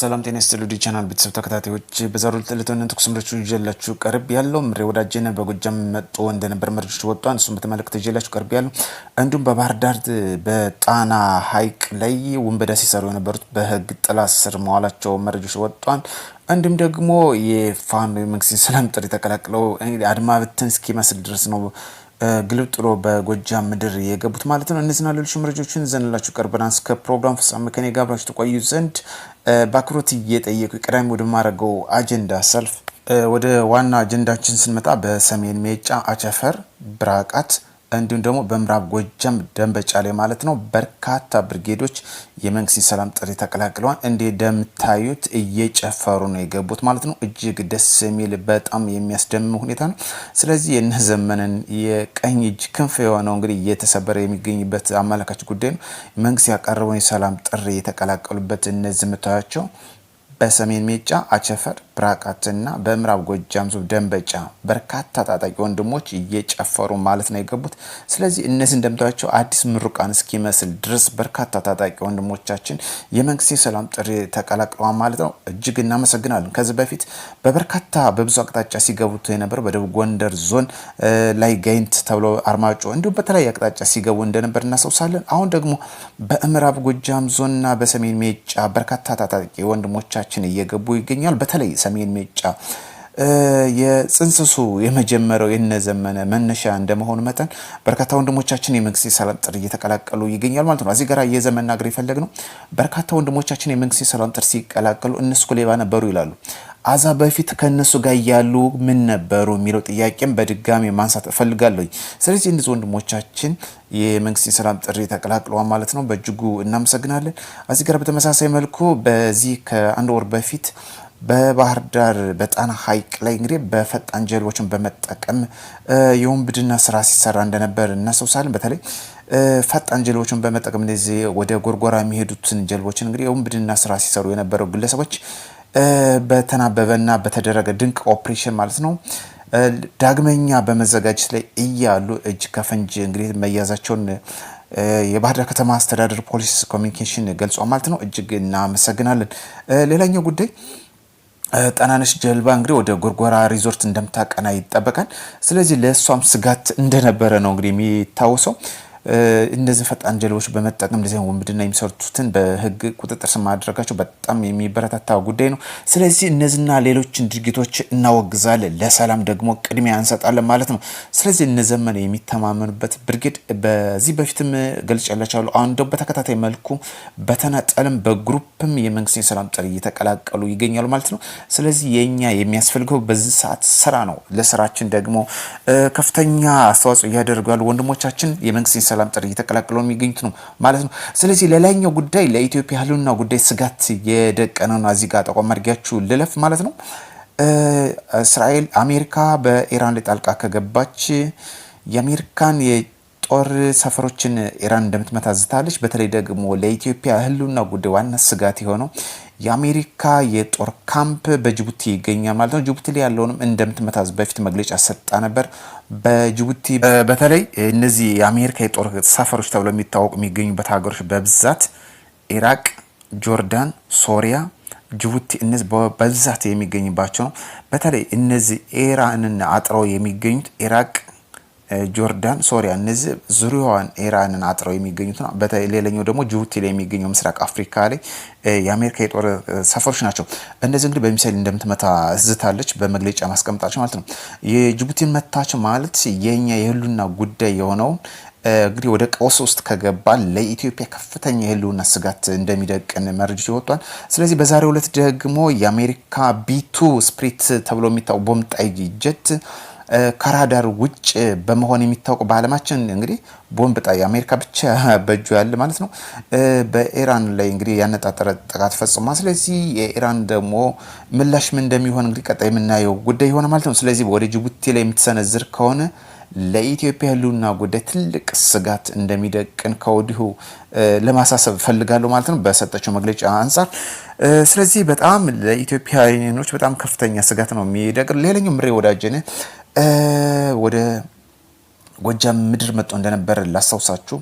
ሰላም ጤና ይስጥልኝ ውድ ቻናል ቤተሰብ ተከታታዮች፣ በዛሩ ዕለት ዕለታዊ ትኩስ ምርጫዎችን ይዤላችሁ ቀርብ ያለው ምሬ ወዳጀነ በጎጃም መጥቶ እንደነበር መረጃዎች ወጡ። እሱን በተመለከተ ይዤላችሁ ቀርብ ያለው እንዲሁም በባህር ዳር በጣና ሐይቅ ላይ ውንበዳ ሲሰሩ የነበሩት በህግ ጥላ ስር መዋላቸው መረጃዎች ወጧል። እንዲሁም ደግሞ የፋኖ የመንግስትን ሰላም ጥሪ ተቀላቅለው አድማ ብትን እስኪመስል ድረስ ነው ግልብ ጥሎ በጎጃም ምድር የገቡት ማለት ነው። እነዚህና ሌሎች መረጃዎችን ዘንላችሁ ቀርበና እስከ ፕሮግራም ፍጻሜ ከኔ ጋር አብራችሁ ተቆዩ ዘንድ በአክብሮት እየጠየቁ ቀዳሚ ወደማደርገው አጀንዳ ሰልፍ ወደ ዋና አጀንዳችን ስንመጣ በሰሜን ሜጫ አቸፈር ብራቃት እንዲሁም ደግሞ በምዕራብ ጎጃም ደንበጫ ላይ ማለት ነው በርካታ ብርጌዶች የመንግስት ሰላም ጥሪ ተቀላቅለዋል። እንደምታዩት እየጨፈሩ ነው የገቡት ማለት ነው። እጅግ ደስ የሚል በጣም የሚያስደምም ሁኔታ ነው። ስለዚህ የነ ዘመንን የቀኝ እጅ ክንፍ የሆነው እንግዲህ እየተሰበረ የሚገኝበት አመላካች ጉዳይ ነው። መንግስት ያቀረበውን የሰላም ጥሪ የተቀላቀሉበት እነዚህ ምታያቸው በሰሜን ሜጫ አቸፈር ብራቃትና በምዕራብ ጎጃም ዙብ ደንበጫ በርካታ ታጣቂ ወንድሞች እየጨፈሩ ማለት ነው የገቡት። ስለዚህ እነዚህ እንደምታዩቸው አዲስ ምሩቃን እስኪመስል ድረስ በርካታ ታጣቂ ወንድሞቻችን የመንግስት ሰላም ጥሪ ተቀላቅለዋል ማለት ነው። እጅግ እናመሰግናለን። ከዚህ በፊት በበርካታ በብዙ አቅጣጫ ሲገቡት የነበር በደቡብ ጎንደር ዞን ላይ ጋይንት ተብሎ አርማጮ፣ እንዲሁም በተለያየ አቅጣጫ ሲገቡ እንደነበር እናስታውሳለን። አሁን ደግሞ በምዕራብ ጎጃም ዞንና በሰሜን ሜጫ በርካታ ታጣቂ ወንድሞቻ ሀገራችን እየገቡ ይገኛል። በተለይ ሰሜን ሜጫ የጽንስሱ የመጀመሪያው የነዘመነ መነሻ እንደመሆኑ መጠን በርካታ ወንድሞቻችን የመንግስት ሰላም ጥሪ እየተቀላቀሉ ይገኛል ማለት ነው። እዚህ ጋር የዘመን ናገር የፈለግ ነው። በርካታ ወንድሞቻችን የመንግስት ሰላም ጥሪ ሲቀላቀሉ እነሱ ሌባ ነበሩ ይላሉ። አዛ በፊት ከነሱ ጋር እያሉ ምን ነበሩ የሚለው ጥያቄም በድጋሚ ማንሳት እፈልጋለሁ። ስለዚህ እነዚህ ወንድሞቻችን የመንግስት የሰላም ጥሪ ተቀላቅለዋል ማለት ነው። በእጅጉ እናመሰግናለን። እዚህ ጋር በተመሳሳይ መልኩ በዚህ ከአንድ ወር በፊት በባህር ዳር በጣና ሐይቅ ላይ እንግዲህ በፈጣን ጀልቦችን በመጠቀም የወንብድና ስራ ሲሰራ እንደነበር እናስታውሳለን። በተለይ ፈጣን ጀልቦችን በመጠቀም እንደዚህ ወደ ጎርጎራ የሚሄዱትን ጀልቦችን እንግዲህ የወንብድና ስራ ሲሰሩ የነበረው ግለሰቦች በተናበበና በተደረገ ድንቅ ኦፕሬሽን ማለት ነው ዳግመኛ በመዘጋጀት ላይ እያሉ እጅ ከፈንጅ እንግዲህ መያዛቸውን የባህር ዳር ከተማ አስተዳደር ፖሊስ ኮሚኒኬሽን ገልጿል ማለት ነው። እጅግ እናመሰግናለን። ሌላኛው ጉዳይ ጠናነሽ ጀልባ እንግዲህ ወደ ጎርጎራ ሪዞርት እንደምታቀና ይጠበቃል። ስለዚህ ለእሷም ስጋት እንደነበረ ነው እንግዲህ የሚታወሰው። እነዚህን ፈጣን ጀልቦች በመጠቀም እንደዚህ ውንብድና የሚሰርቱትን በህግ ቁጥጥር ስር ማድረጋቸው በጣም የሚበረታታ ጉዳይ ነው። ስለዚህ እነዚህና ሌሎችን ድርጊቶች እናወግዛለን፣ ለሰላም ደግሞ ቅድሚያ እንሰጣለን ማለት ነው። ስለዚህ እነ ዘመነ የሚተማመኑበት ብርጌድ በዚህ በፊትም ገልጽ ያላቸዋሉ። አሁን ደግሞ በተከታታይ መልኩ በተናጠልም በግሩፕም የመንግስት የሰላም ጥሪ እየተቀላቀሉ ይገኛሉ ማለት ነው። ስለዚህ የእኛ የሚያስፈልገው በዚህ ሰዓት ስራ ነው። ለስራችን ደግሞ ከፍተኛ አስተዋጽኦ እያደረጉ ወንድሞቻችን የመንግስት የሰላም ጥሪ እየተቀላቀሉ የሚገኙት ነው ማለት ነው። ስለዚህ ለላይኛው ጉዳይ ለኢትዮጵያ ህልና ጉዳይ ስጋት የደቀነ ነው። እዚህ ጋር ጠቋም አድርጊያችሁ ልለፍ ማለት ነው። እስራኤል አሜሪካ በኢራን ላይ ጣልቃ ከገባች የአሜሪካን ጦር ሰፈሮችን ኢራን እንደምትመታ ዝታለች። በተለይ ደግሞ ለኢትዮጵያ ህልውና ጉዳይ ዋና ስጋት የሆነው የአሜሪካ የጦር ካምፕ በጅቡቲ ይገኛል ማለት ነው። ጅቡቲ ላይ ያለውንም እንደምትመታዝ በፊት መግለጫ ሰጣ ነበር። በጅቡቲ በተለይ እነዚህ የአሜሪካ የጦር ሰፈሮች ተብለው የሚታወቁ የሚገኙበት ሀገሮች በብዛት ኢራቅ፣ ጆርዳን፣ ሶሪያ፣ ጅቡቲ እነዚህ በብዛት የሚገኝባቸው ነው። በተለይ እነዚህ ኢራንን አጥረው የሚገኙት ኢራቅ ጆርዳን፣ ሶሪያ እነዚህ ዙሪያዋን ኢራንን አጥረው የሚገኙት ነው። ሌላኛው ደግሞ ጅቡቲ ላይ የሚገኘው ምስራቅ አፍሪካ ላይ የአሜሪካ የጦር ሰፈሮች ናቸው። እነዚህ እንግዲህ በሚሳይል እንደምትመታ ዝታለች በመግለጫ ማስቀምጣቸው ማለት ነው። የጅቡቲን መታች ማለት የኛ የህሉና ጉዳይ የሆነውን እንግዲህ ወደ ቀውስ ውስጥ ከገባ ለኢትዮጵያ ከፍተኛ የህልውና ስጋት እንደሚደቅን መረጃ ወጥቷል። ስለዚህ በዛሬው ዕለት ደግሞ የአሜሪካ ቢቱ ስፕሪት ተብሎ የሚታወቅ ቦምጣይ ጀት ከራዳር ውጭ በመሆን የሚታወቅ በዓለማችን እንግዲህ ቦምብ ጣይ አሜሪካ ብቻ በእጁ ያለ ማለት ነው። በኢራን ላይ እንግዲህ ያነጣጠረ ጥቃት ፈጽሟል። ስለዚህ የኢራን ደግሞ ምላሽ ምን እንደሚሆን እንግዲህ ቀጣይ የምናየው ጉዳይ የሆነ ማለት ነው። ስለዚህ ወደ ጅቡቲ ላይ የምትሰነዝር ከሆነ ለኢትዮጵያ ሕልውና ጉዳይ ትልቅ ስጋት እንደሚደቅን ከወዲሁ ለማሳሰብ እፈልጋለሁ ማለት ነው በሰጠችው መግለጫ አንጻር። ስለዚህ በጣም ለኢትዮጵያኖች በጣም ከፍተኛ ስጋት ነው የሚደቅ ሌላኛው ምሬ ወዳጀን ወደ ጎጃም ምድር መጥቶ እንደነበር ላስታውሳችሁ።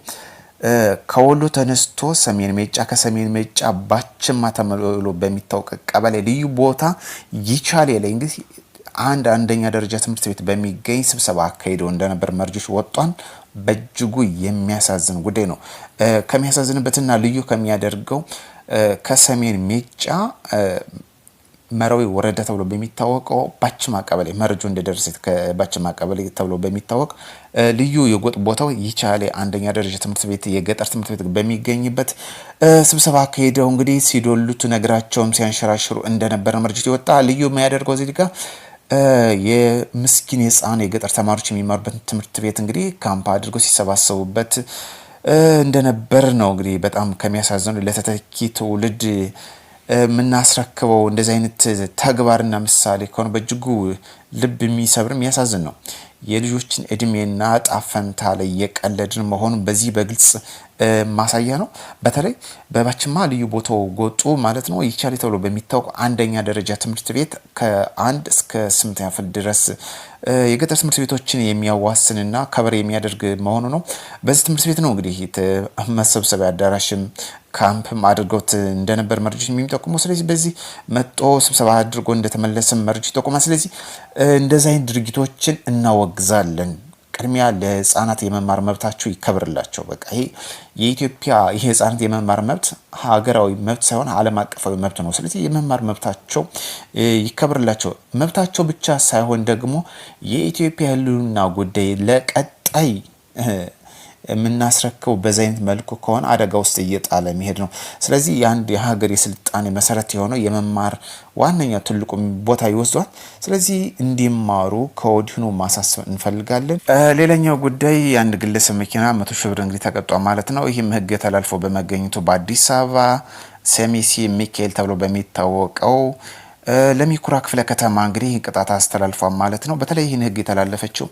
ከወሎ ተነስቶ ሰሜን ሜጫ፣ ከሰሜን ሜጫ ባችማ ተብሎ በሚታወቅ ቀበሌ ልዩ ቦታ ይቻሌ ላይ እንግዲህ አንድ አንደኛ ደረጃ ትምህርት ቤት በሚገኝ ስብሰባ አካሂደው እንደነበር መርጆች ወጧን በእጅጉ የሚያሳዝን ጉዳይ ነው። ከሚያሳዝንበትና ልዩ ከሚያደርገው ከሰሜን ሜጫ መረዊ ወረደ ተብሎ በሚታወቀው ባችማ ቀበሌ መርጆ እንደደረሰ ባችማ ቀበሌ ተብሎ በሚታወቅ ልዩ የጎጥ ቦታው ይቻሌ አንደኛ ደረጃ ትምህርት ቤት የገጠር ትምህርት ቤት በሚገኝበት ስብሰባ ከሄደው እንግዲህ ሲዶሉት ነግራቸውም ሲያንሸራሽሩ እንደነበረ መርጅት የወጣ ልዩ የሚያደርገው እዚህ ጋር የምስኪን ሕፃን የገጠር ተማሪዎች የሚማሩበት ትምህርት ቤት እንግዲህ ካምፕ አድርጎ ሲሰባሰቡበት እንደነበር ነው። እንግዲህ በጣም ከሚያሳዝኑ ለተተኪ ትውልድ የምናስረክበው እንደዚህ አይነት ተግባርና ምሳሌ ከሆነ በእጅጉ ልብ የሚሰብር የሚያሳዝን ነው። የልጆችን እድሜና ጣፈንታ ላይ የቀለድን መሆኑ በዚህ በግልጽ ማሳያ ነው። በተለይ በባችማ ልዩ ቦታው ጎጡ ማለት ነው ይቻሌ ተብሎ በሚታወቅ አንደኛ ደረጃ ትምህርት ቤት ከአንድ እስከ ስምንተኛ ክፍል ድረስ የገጠር ትምህርት ቤቶችን የሚያዋስንና ከበር የሚያደርግ መሆኑ ነው። በዚህ ትምህርት ቤት ነው እንግዲህ መሰብሰቢያ አዳራሽም ካምፕም አድርገውት እንደነበር መረጃዎች የሚጠቁሙ። ስለዚህ በዚህ መጦ ስብሰባ አድርጎ እንደተመለሰም መረጃ ይጠቁማል። ስለዚህ እንደዚህ አይነት ድርጊቶችን እናወግዛለን። ቅድሚያ ለህፃናት የመማር መብታቸው ይከብርላቸው። በቃ ይሄ የኢትዮጵያ ይህ ህፃናት የመማር መብት ሀገራዊ መብት ሳይሆን ዓለም አቀፋዊ መብት ነው። ስለዚህ የመማር መብታቸው ይከብርላቸው። መብታቸው ብቻ ሳይሆን ደግሞ የኢትዮጵያ ህልውና ጉዳይ ለቀጣይ የምናስረክበው በዚ አይነት መልኩ ከሆነ አደጋ ውስጥ እየጣለ መሄድ ነው። ስለዚህ የአንድ የሀገር የስልጣኔ መሰረት የሆነው የመማር ዋነኛ ትልቁ ቦታ ይወስዷል። ስለዚህ እንዲማሩ ከወዲሁኑ ማሳሰብ እንፈልጋለን። ሌላኛው ጉዳይ የአንድ ግለሰብ መኪና መቶ ሺህ ብር እንግዲህ ተቀጧ ማለት ነው። ይህም ህግ ተላልፎ በመገኘቱ በአዲስ አበባ ሰሚሲ ሚካኤል ተብሎ በሚታወቀው ለሚኩራ ክፍለ ከተማ እንግዲህ ቅጣት አስተላልፏል ማለት ነው። በተለይ ይህን ህግ የተላለፈችው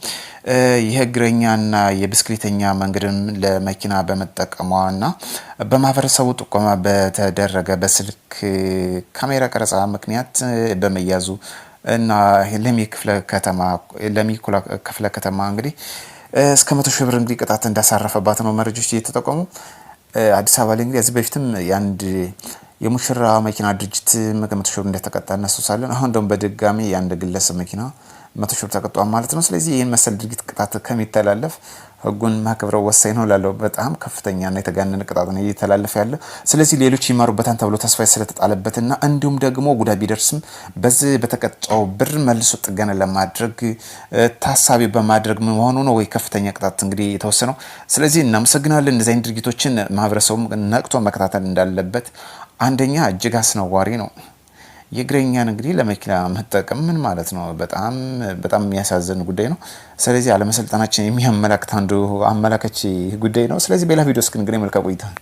የእግረኛና የብስክሌተኛ መንገድን ለመኪና በመጠቀሟና በማህበረሰቡ ጥቆማ በተደረገ በስልክ ካሜራ ቀረጻ ምክንያት በመያዙ እና ለሚኩራ ክፍለ ከተማ እንግዲህ እስከ መቶ ሺህ ብር እንግዲህ ቅጣት እንዳሳረፈባት ነው መረጃዎች እየተጠቆሙ አዲስ አበባ ላይ እንግዲህ ከዚህ በፊትም የአንድ የሙሽራ መኪና ድርጅት መቶ ሺህ ብር እንደተቀጣ እናስታውሳለን። አሁን ደግሞ በድጋሚ የአንድ ግለሰብ መኪና መቶ ሺህ ብር ተቀጧል ማለት ነው። ስለዚህ ይህን መሰል ድርጊት ቅጣት ከሚተላለፍ ህጉን ማክብረው ወሳኝ ነው ላለው በጣም ከፍተኛና የተጋነነ ቅጣት ነው እየተላለፈ ያለ። ስለዚህ ሌሎች ይማሩበታን ተብሎ ተስፋ ስለተጣለበትና እንዲሁም ደግሞ ጉዳ ቢደርስም በዚህ በተቀጣው ብር መልሶ ጥገና ለማድረግ ታሳቢ በማድረግ መሆኑ ነው ወይ ከፍተኛ ቅጣት እንግዲህ የተወሰነው። ስለዚህ እናመሰግናለን። እንደዚህ አይነት ድርጊቶችን ማህበረሰቡም ነቅቶ መከታተል እንዳለበት አንደኛ እጅግ አስነዋሪ ነው። የእግረኛን እንግዲህ ለመኪና መጠቀም ምን ማለት ነው? በጣም በጣም የሚያሳዝን ጉዳይ ነው። ስለዚህ አለመሰልጠናችን የሚያመላክት አንዱ አመላከች ጉዳይ ነው። ስለዚህ በሌላ ቪዲዮ እስክንግን መልካ ቆይታል።